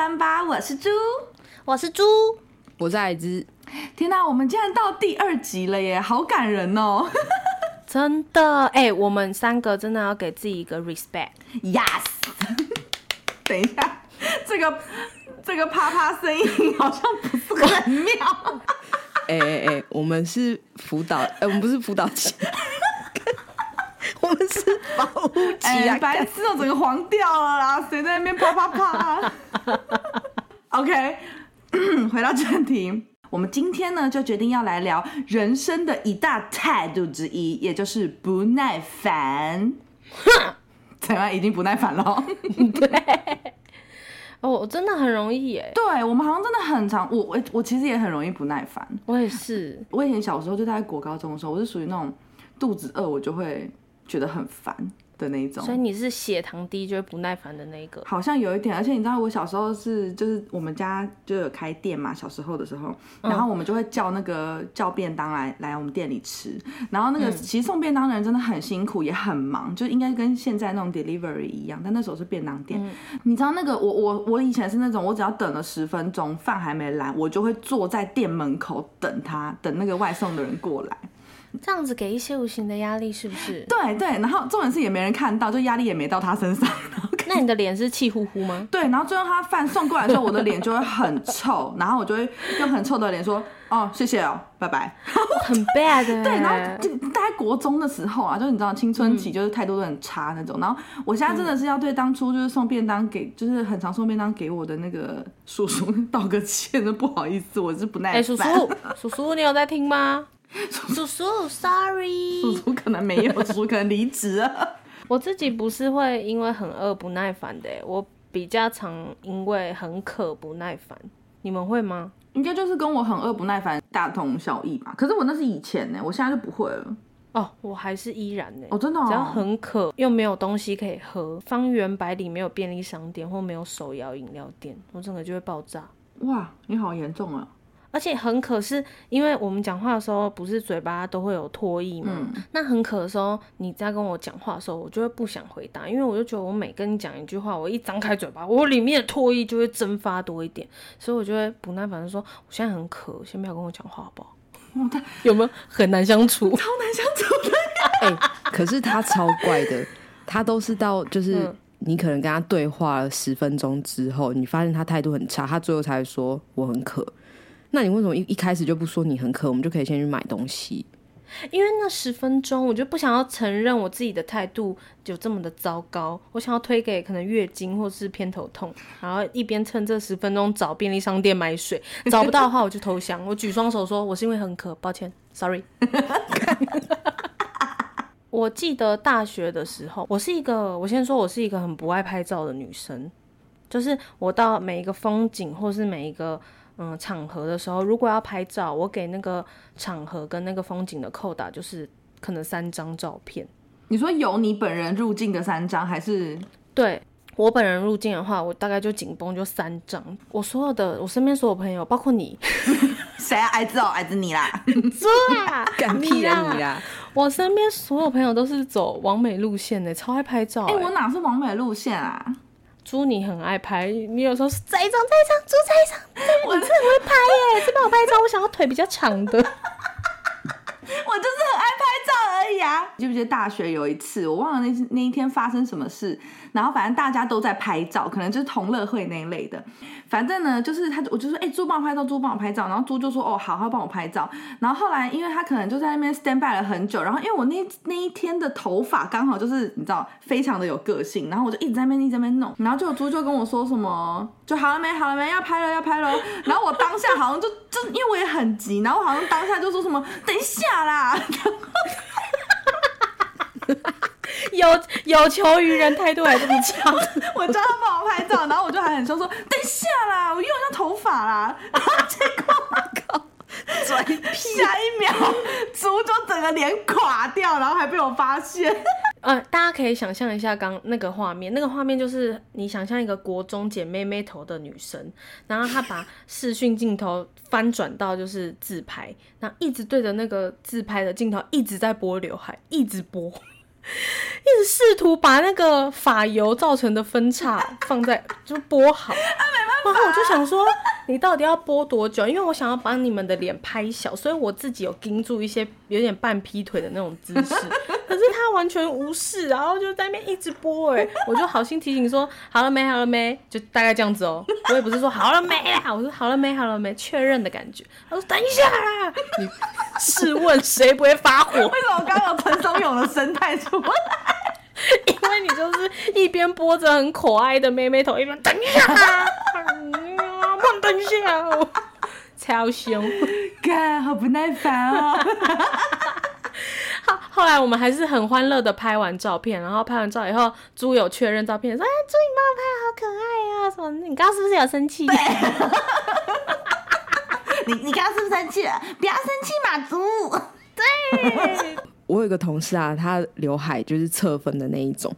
三八，我是豬，我是豬，我是艾姿。天哪，我們竟然到第二集了耶！好感人哦， 真的。哎、欸，我們三個真的要給自己一個 respect。Yes 等一下，這個這個啪啪聲音好像不是很妙。哎哎哎，我們是輔導，哎、欸，我們不是輔導級， 我們是保護級、啊欸、白痴，整個黃掉了啦，誰 在那邊啪啪啪、啊？ OK， 回到正題，我們今天呢就決定要來聊人生的一大態度之一，也就是不耐煩。怎 麼已經不耐煩了， 對。哦、oh，真的很容易耶。對，我們好像真的很常，我我我其實也很容易不耐煩。我也是，我以前小時候就大概國高中的時候，我是屬於那種肚子餓，我就會覺得很煩。的那一種，所以你是血糖低就會不耐煩的那一個？好像有一點。而且你知道，我小時候是就是我們家就有開店嘛，小時候的時候，嗯、然後我們就會叫那個叫便當來來我們店裡吃。然後那個、嗯、其實送便當的人真的很辛苦也很忙，就應該跟現在那種 delivery 一樣，但那時候是便當店。嗯、你知道那個我我我以前是那種，我只要等了十分鐘飯還沒來，我就會坐在店門口等他，等那個外送的人過來。 這樣子給一些無形的壓力是不是？對對，然後重點是也沒人看到，就壓力也沒到他身上。 那你的臉是氣呼呼嗎？對，然後最後他飯送過來的時候，我的臉就會很臭， 然後我就會用很臭的臉說：“ 哦，謝謝哦，拜拜。”很 bad、欸。 對，然後就大概國中的時候啊，就你知道青春期就是態度都很差那種、嗯。然後我現在真的是要對當初就是送便當給，就是很常送便當給我的那個叔叔道個歉，真的不好意思，我是不耐煩。哎、欸，叔叔， 叔叔，你有在聽嗎？ 叔叔，sorry。叔叔可能沒有，叔,叔可能離職啊。 我自己不是會因為很餓不耐煩的，我比較常因為很渴不耐煩。你們會嗎？應該就是跟我很餓不耐煩大同小異吧。可是我那是以前呢，我現在就不會了。哦，我還是依然呢。哦，真的哦？只要很渴又沒有東西可以喝，方圓百裡沒有便利商店或沒有手搖飲料店，我整個就會爆炸。哇，你好嚴重啊！而且很渴，是因為我們講話的時候不是嘴巴都會有唾液嘛？嗯、那很渴的時候，你在跟我講話的時候，我就會不想回答，因為我就覺得我每跟你講一句話，我一張開嘴巴，我裡面的唾液就會蒸發多一點，所以我就會不耐煩的說：“我現在很渴，先不要跟我講話，好不好？”有沒有 很難相處？超難相處的、 欸。可是他超怪的，他都是到就是你可能跟他對話了十分鐘之後、嗯，你發現他態度很差，他最後才說：“我很渴。”那你為什麼一一開始就不說你很渴，我們就可以先去買東西？因為那十分鐘，我就不想要承認我自己的態度有這麼的糟糕。我想要推給可能月經或是偏頭痛，然後一邊趁這十分鐘找便利商店買水，找不到的話我就投降， 我舉雙手說我是因為很渴，抱歉，sorry。 我記得大學的時候，我是一個，我先說我是一個很不愛拍照的女生，就是我到每一個風景或是每一個。嗯，場合的時候，如果要拍照，我給那個場合跟那個風景的扣打，就是可能三張照片。你說有你本人入境的三張，還是對我本人入境的話，我大概就緊繃，就三張。我所有的，我身邊所有朋友，包括你，誰 要挨著我，挨著你啦，豬 啊，敢屁啊你，你啦！我身邊所有朋友都是走網美路線的，超愛拍照。欸，我哪是網美路線啊？豬你很愛拍，你有時候是這一張，這一張，豬這一張，我，我真的很會拍耶、欸，再 幫我拍一張，我想要腿比較長的 我真的很愛拍。呀、啊，你記不記得大學有一次，我忘了那那一天發生什麼事，然後反正大家都在拍照，可能就是同樂會那一類的。反正呢，就是他我就說，哎、欸，豬幫我拍照，豬幫我拍照，然後豬就說，哦，好好幫我拍照。然後後來，因為他可能就在那邊 stand by 了很久，然後因為我那那一天的頭髮剛好就是你知道，非常的有個性，然後我就一直在那邊一直在那邊弄，然後就有豬就跟我說什麼，就好了沒，好了沒，要拍了要拍了。然後我當下好像就就因為我也很急，然後我好像當下就說什麼，等一下啦。然後 有有求於人，態度還這麼強。 我叫他幫我拍照， 然後我就還很說說：“等一下啦，我用一下頭髮啦。”然後結果我靠，下一秒，主角整個臉垮掉，然後還被我發現。 呃，大家可以想象一下剛那個畫面，那個畫面就是你想象一個國中剪妹妹頭的女生，然後她把視訊鏡頭翻轉到就是自拍，然後一直對着那個自拍的鏡頭，一直在撥劉海，一直撥。一直試圖把那個髮油造成的分叉放在 就撥好，啊，然後我就想說你到底要撥多久？因為我想要把你們的臉拍小，所以我自己有盯住一些有點半劈腿的那種姿勢。 可是他完全無視，然後就在那邊一直播哎、欸， 我就好心提醒說，好了沒，好了沒，就大概這樣子哦、喔。我也不是說好了沒，我說好了沒，好了沒，確認的感覺。他說等一下啊，你試問誰不會發火？ 為什麼剛剛陳松勇的生態出來？ 因為你就是一邊播着很可愛的妹妹頭，一邊等一下啊，不能等一下， 超兇，幹，好不耐煩哦、喔。 後來我們還是很歡樂的拍完照片，然後拍完照以後，豬有確認照片說：“哎，豬你幫我拍好可愛啊！什麼？你剛剛是不是有生氣？ 你你剛剛是不是生氣了？不要生氣嘛，豬。對，我有個同事啊，他劉海就是側分的那一種，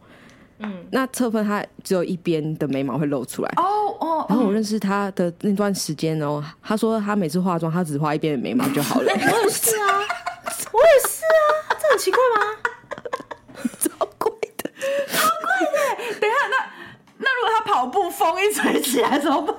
嗯，那側分他只有一邊的眉毛會露出來。哦、哦，然後我認識他的那段時間哦，嗯、他說他每次化妝他只畫一邊的眉毛就好了。我 也是啊。奇怪嗎？啊、超貴的，超貴耶、欸！ 等一下，那那如果他跑步，風一吹起來怎麼辦？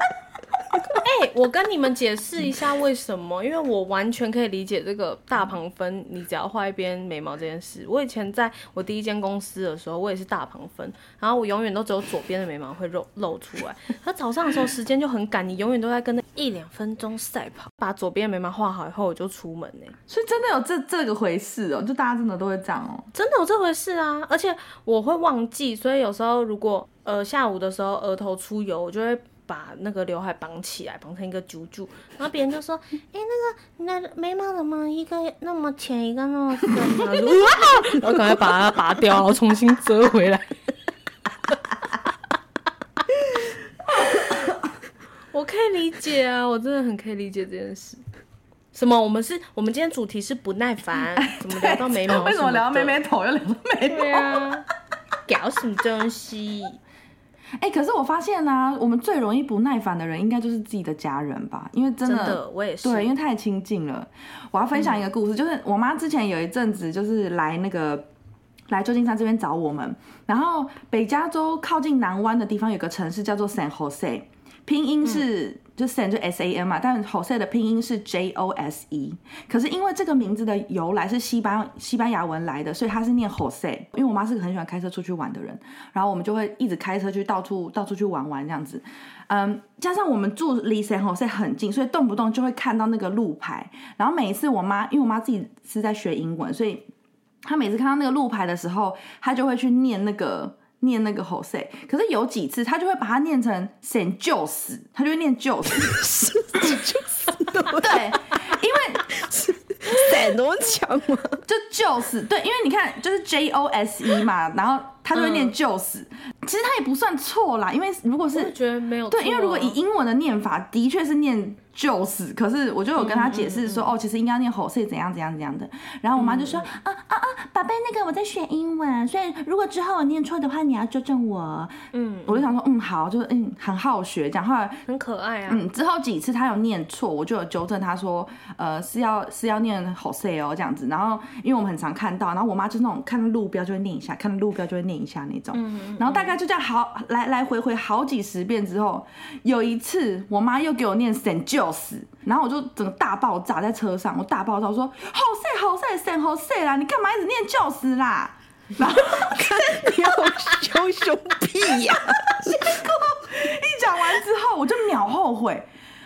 欸、我跟你們解釋一下為什麼，因為我完全可以理解這個大旁分，你只要畫一邊眉毛這件事。我以前在我第一間公司的時候，我也是大旁分，然後我永遠都只有左邊的眉毛會露露出來。那早上的時候時間就很趕，你永遠都在跟那一兩分鐘賽跑，把左邊的眉毛畫好以後我就出門呢、欸。所以真的有這這個回事哦、喔，就大家真的都會這樣哦，真的有這回事啊。而且我會忘記，所以有時候如果呃下午的時候額頭出油，我就會。把那個劉海綁起來，綁成一個啾啾，然後別人就說：“哎、 欸，那個，那眉毛怎麼一個那麼淺，一個那麼深然後趕 快把它拔掉，然後重新遮回來。 我可以理解啊，我真的很可以理解這件事。 什麼？我們是我們今天主題是不耐煩，怎麼聊到眉毛？ 為什麼聊到眉毛討厭聊到眉毛？ 對啊，搞什麼東西？哎、欸，可是我發現呢、啊，我們最容易不耐煩的人應該就是自己的家人吧？因為真的，真的，我也是。對，因為太親近了。我要分享一個故事，嗯、就是我媽之前有一陣子就是來那個來舊金山這邊找我們，然後北加州靠近南灣的地方有個城市叫做 San Jose，拼音是。就 San 就 S A N 嘛，但 Jose 的拼音是 J O S E，可是因為這個名字的由來是西班西班牙文來的，所以他是念 Jose。因為我媽是個很喜歡開車出去玩的人，然後我們就會一直開車去到處到處去玩玩這樣子。嗯，加上我們住離 San Jose 很近，所以動不動就會看到那個路牌。然後每一次我媽，因為我媽自己是在學英文，所以她每次看到那個路牌的時候，她就會去念那個。念那個 Jose，可是有幾次他就會把它念成 Saint Jose，他就會念 Jose。 對，因為 Saint 多強嘛？ -Norme -Chang 就 Jose，對，因為你看就是 J O S E 嘛，然後他就會念 Jose、嗯。其實他也不算錯啦，因為如果是、啊、對，因為如果以英文的念法，的確是念。就是，可是我就有跟他解釋說嗯嗯嗯嗯，哦，其實應該念 Jose 怎樣怎樣怎樣的。然後我媽就說，啊、嗯、啊啊，寶、啊、貝、啊，那個我在學英文，所以如果之後我念錯的話，你要糾正我。嗯，嗯，我就想說，嗯，好，就是嗯，很好學講話後很可愛啊。嗯，之後幾次他有念錯，我就有糾正他說，呃，是要是要念 Jose 哦這樣子。然後因為我們很常看到，然後我媽就那種看到路標就念一下，看到路標就會念一下那種嗯嗯嗯。然後大概就這樣，好來來回回好幾十遍之後，有一次我媽又給我念 San Jose 教師，然後我就整個大爆炸，在車上，我大爆炸說：“好帥，好帥，帥，好帥啦！你幹嘛一直念教師啦？”然後，秒修修屁呀！ 一講完之後，我就秒後悔。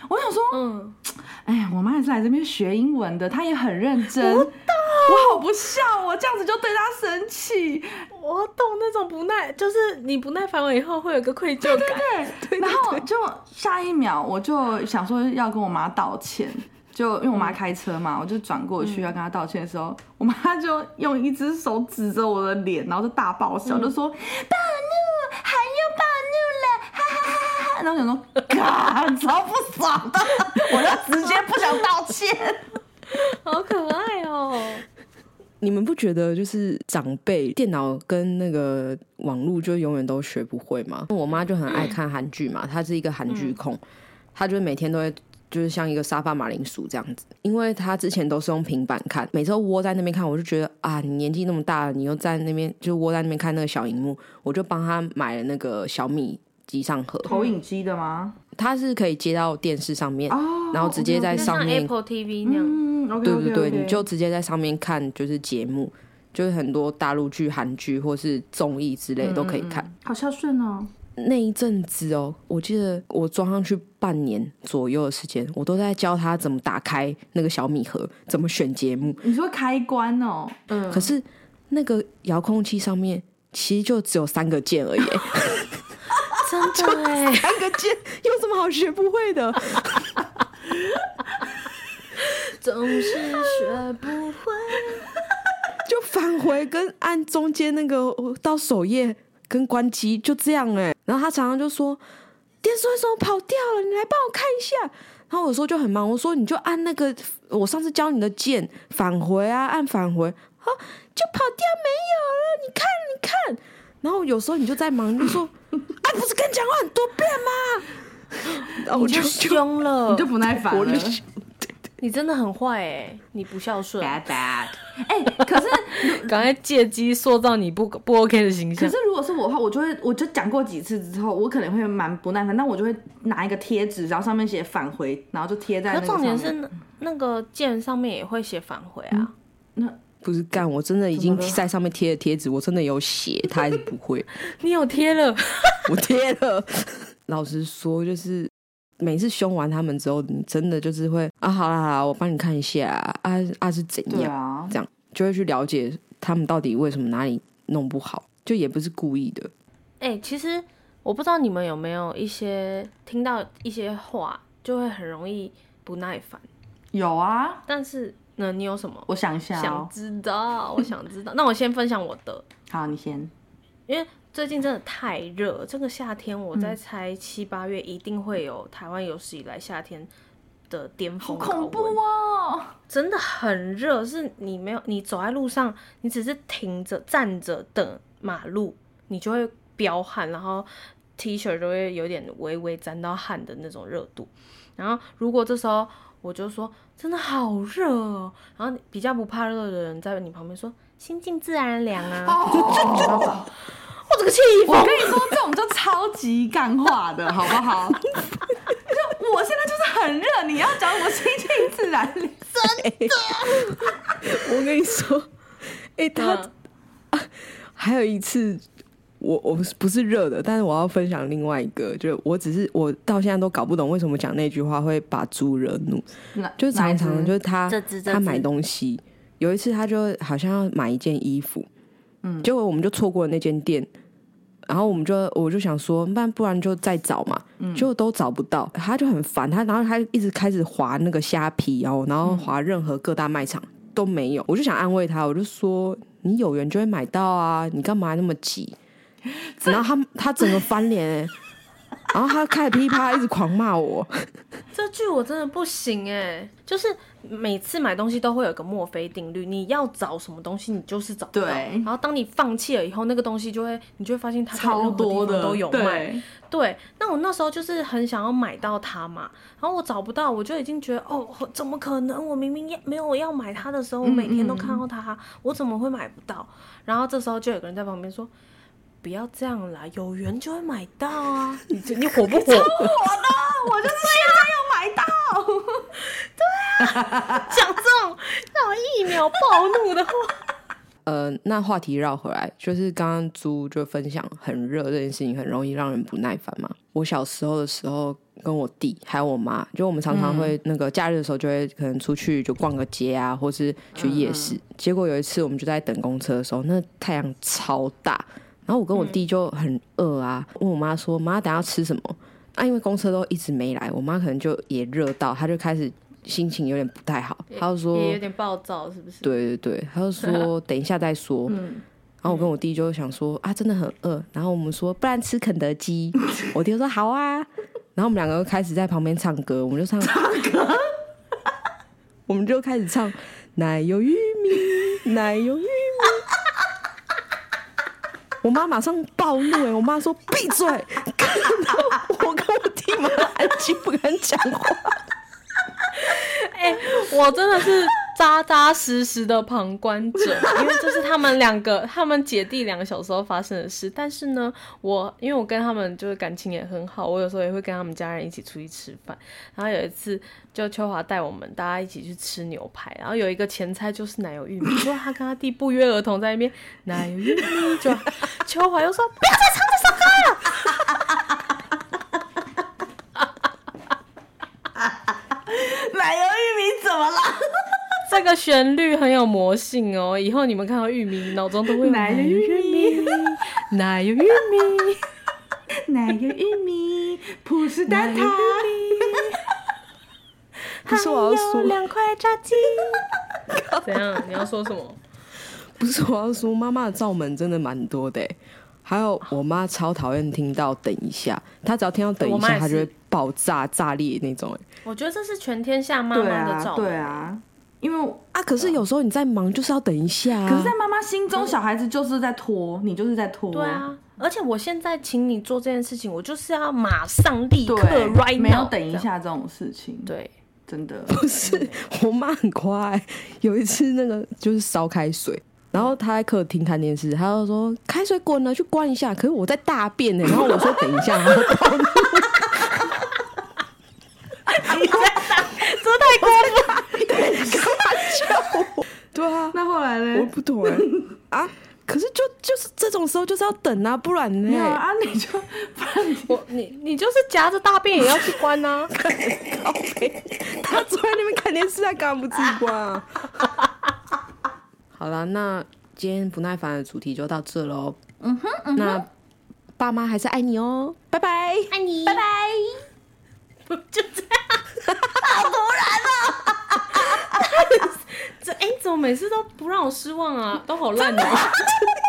我想說，嗯，哎，我媽也是來這邊學英文的，她也很認真。我好不孝，我這樣子就對他生氣，我懂那種不耐，就是你不耐煩我以後會有個愧疚感對對對。對對對，然後就下一秒我就想說要跟我媽道歉，就因為我媽開車嘛，嗯、我就轉過去要跟她道歉的時候，嗯、我媽就用一只手指着我的臉，然後就大爆笑，嗯、就說暴怒，還有暴怒了，哈哈哈哈哈然後想說，幹，超不爽的， 我就直接不想道歉，好可愛哦、喔。你們不覺得就是長輩電腦跟那個網絡就永遠都學不會嗎？我媽就很愛看韓劇嘛，她是一個韓劇控，她就每天都會就是像一個沙發馬鈴薯這樣子，因為她之前都是用平板看，每次都窩在那邊看，我就覺得，啊，你年紀那麼大了，你又在那邊就窩在那邊看那個小螢幕，我就幫她買了那個小米機上盒，投影機的嗎？它是可以接到電視上面，哦、然後直接在上面，Apple TV 那樣，哦、okay, okay, okay，對不對，對？嗯、okay, okay, okay. 你就直接在上面看，就是節目，就是很多大陸劇、韓劇或是綜藝之類都可以看，嗯、好孝順哦。那一陣子哦，我記得我裝上去半年左右的時間，我都在教他怎麼打開那個小米盒，怎麼選節目。你說開關哦，嗯，可是那個遙控器上面其實就只有三個鍵而已。 就對，按個鍵有什麼好學不會的？ 總是學不會， 就返回跟按中間那個到首頁跟關機就這樣哎、欸。然後他常常就說：“ 電視為什麼跑掉了？你來幫我看一下。”然後我有時候就很忙，我說：“你就按那個我上次教你的鍵，返回啊，按返回啊、哦，就跑掉沒有了。你看，你看。”然後有時候你就在忙，就說。 哎，不是跟你講過很多遍嗎 兇 不？我就兇了，你就不耐煩了。你真的很壞哎、欸，你不孝順。哎、 欸，可是。剛 才借機塑造你不不 OK 的形象。 可是如果是我的話，我就會，我就講過幾次之後，我可能會蠻不耐煩，那我就會拿一個貼紙，然後上面寫返回，然後就貼在那。可重點是，是那個鍵上面也會寫返回啊，嗯、那。不是幹，我真的已經在上面貼了貼紙，我真的有寫，他還是不會。 你有貼了， 我貼了。 老實說，就是每次凶完他們之後，你真的就是會啊，好啦，好啦，我幫你看一下啊啊，啊是怎樣，啊、這樣就會去了解他們到底為什麼哪裡弄不好，就也不是故意的。哎、欸，其實我不知道你們有沒有一些聽到一些話就會很容易不耐煩。有啊，但是。那你有什麼？我想一下、哦，想知道，我想知道。 那我先分享我的。 好，你先。因為最近真的太熱，這個夏天我在猜七八月一定會有台灣有史以來夏天的巔峰。好恐怖哦！真的很熱，是，你沒有，你走在路上，你只是停着站着等馬路，你就會飆汗，然後 T 恤就會有點微微沾到汗的那種熱度。然後如果這時候。我就說真的好熱哦，然後比較不怕熱的人在你旁邊說心靜自然涼啊、哦我就就就就，我這個氣我跟你說這種就超級幹話的 好不好？就 我現在就是很熱，你要講我心靜自然涼，真的、欸。我跟你說，哎、欸，他、嗯啊、還有一次。我我不是不是熱的，但是我要分享另外一個，就是我只是我到現在都搞不懂為什麼講那句話會把豬惹怒，就是常常就是他這只這只他買東西，有一次他就好像要買一件衣服，嗯，結果我們就錯過了那間店，然後我們就我就想說，那不,不然就再找嘛，嗯，就都找不到，他就很煩，他然後他一直開始劃那個蝦皮，然後然後劃任何各大賣場都沒有，嗯，我就想安慰他，我就說你有緣就會買到啊，你幹嘛那麼急？然後他他整個翻臉哎！ 然後他開始噼啪 一直狂罵我。這句我真的不行哎，就是每次買東西都會有個墨菲定律，你要找什麼東西你就是找不到對。然後當你放棄了以後，那個東西就會你就會發現它，超多的都有賣。對，那我那時候就是很想要買到它嘛，然後我找不到，我就已經覺得哦，怎麼可能？我明明要沒有要買它的時候，我每天都看到它，嗯嗯，我怎麼會買不到？然後這時候就有個人在旁邊說。不要這樣啦，有緣就會買到啊！你你火不火？超 火的，我就是現在要買到。 對啊，講這種讓我一秒暴怒的話。呃，那話題繞回來，就是剛剛豬就分享很熱這件事情，很容易讓人不耐煩嘛。我小時候的時候，跟我弟還有我媽，就我們常常會那個假日的時候，就會可能出去就逛個街啊，或是去夜市。嗯。結果有一次，我們就在等公車的時候，那太陽超大。然後我跟我弟就很餓啊，嗯、問我媽說：“媽，等下要吃什麼？”啊，因為公車都一直沒來，我媽可能就也熱到，她就開始心情有點不太好，也她就說：“也也有點暴躁，是不是？”對對對，她就說：“等一下再說。”嗯，然後我跟我弟就想說：“啊，真的很餓。”然後我們說：“不然吃肯德基。 ”我弟就說：“好啊。”然後我們兩個就開始在旁邊唱歌，我們就唱，唱歌。 我們就開始唱奶油玉米，奶油玉米。我媽馬上暴怒哎！我媽說：“閉嘴！”看到我跟我弟們安靜，不敢講話。哎、 欸，我真的是。扎扎實實的旁觀者，因為這是他們兩個，他們姐弟兩個小時候發生的事。但是呢，我因為我跟他們就是感情也很好，我有時候也會跟他們家人一起出去吃飯。然後有一次，就秋華帶我們大家一起去吃牛排，然後有一個前菜就是奶油玉米，結果他跟他弟不約而同在那邊奶油玉米、啊，就 秋華又說不要再唱這首歌了。這個旋律很有魔性哦，以後你們看到玉米，腦中都會有玉米，奶 油玉米，奶 油玉米，不是玉米，普式是我奶兩塊炸雞。 怎樣？你要說什麼？ 不是我要說，媽媽的罩門真的蠻多的、欸。還有，我媽超討厭聽到“等一下”，她只要聽到“等一下”，她就會爆炸炸裂那種、欸。我覺得這是全天下媽媽的罩門、欸。對啊。對啊。因為啊，可是有時候你在忙，就是要等一下、啊。可是，在媽媽心中，小孩子就是在拖、嗯，你就是在拖。對啊，而且我現在請你做這件事情，我就是要馬上立刻 right 對 now，沒有等一下這種事情。對，真的。真的不是，我媽很快、欸。有一次，那個就是燒開水，然後她在客廳看電視，她就說，說：“開水滾了，去關一下。”可是我在大便呢、欸，然後我說：“等一下。然後 啊”哈哈哈你在打，說太快了 對啊，那後來呢？我不懂啊、欸。 啊，可是就就是這種時候就是要等啊，不然呢？啊，你就不然我 你你就是夾着大便也要去關吶、啊。OK， 他坐在那邊看電視，還幹嘛不自己關啊？ 好了，那今天不耐煩的主題就到這嘍、嗯。嗯哼，那爸媽還是愛你哦、喔，拜拜，愛你，拜拜。就這樣， 好突然啊、喔！ 這、欸、哎，怎麼每次都不讓我失望啊？都好爛哦。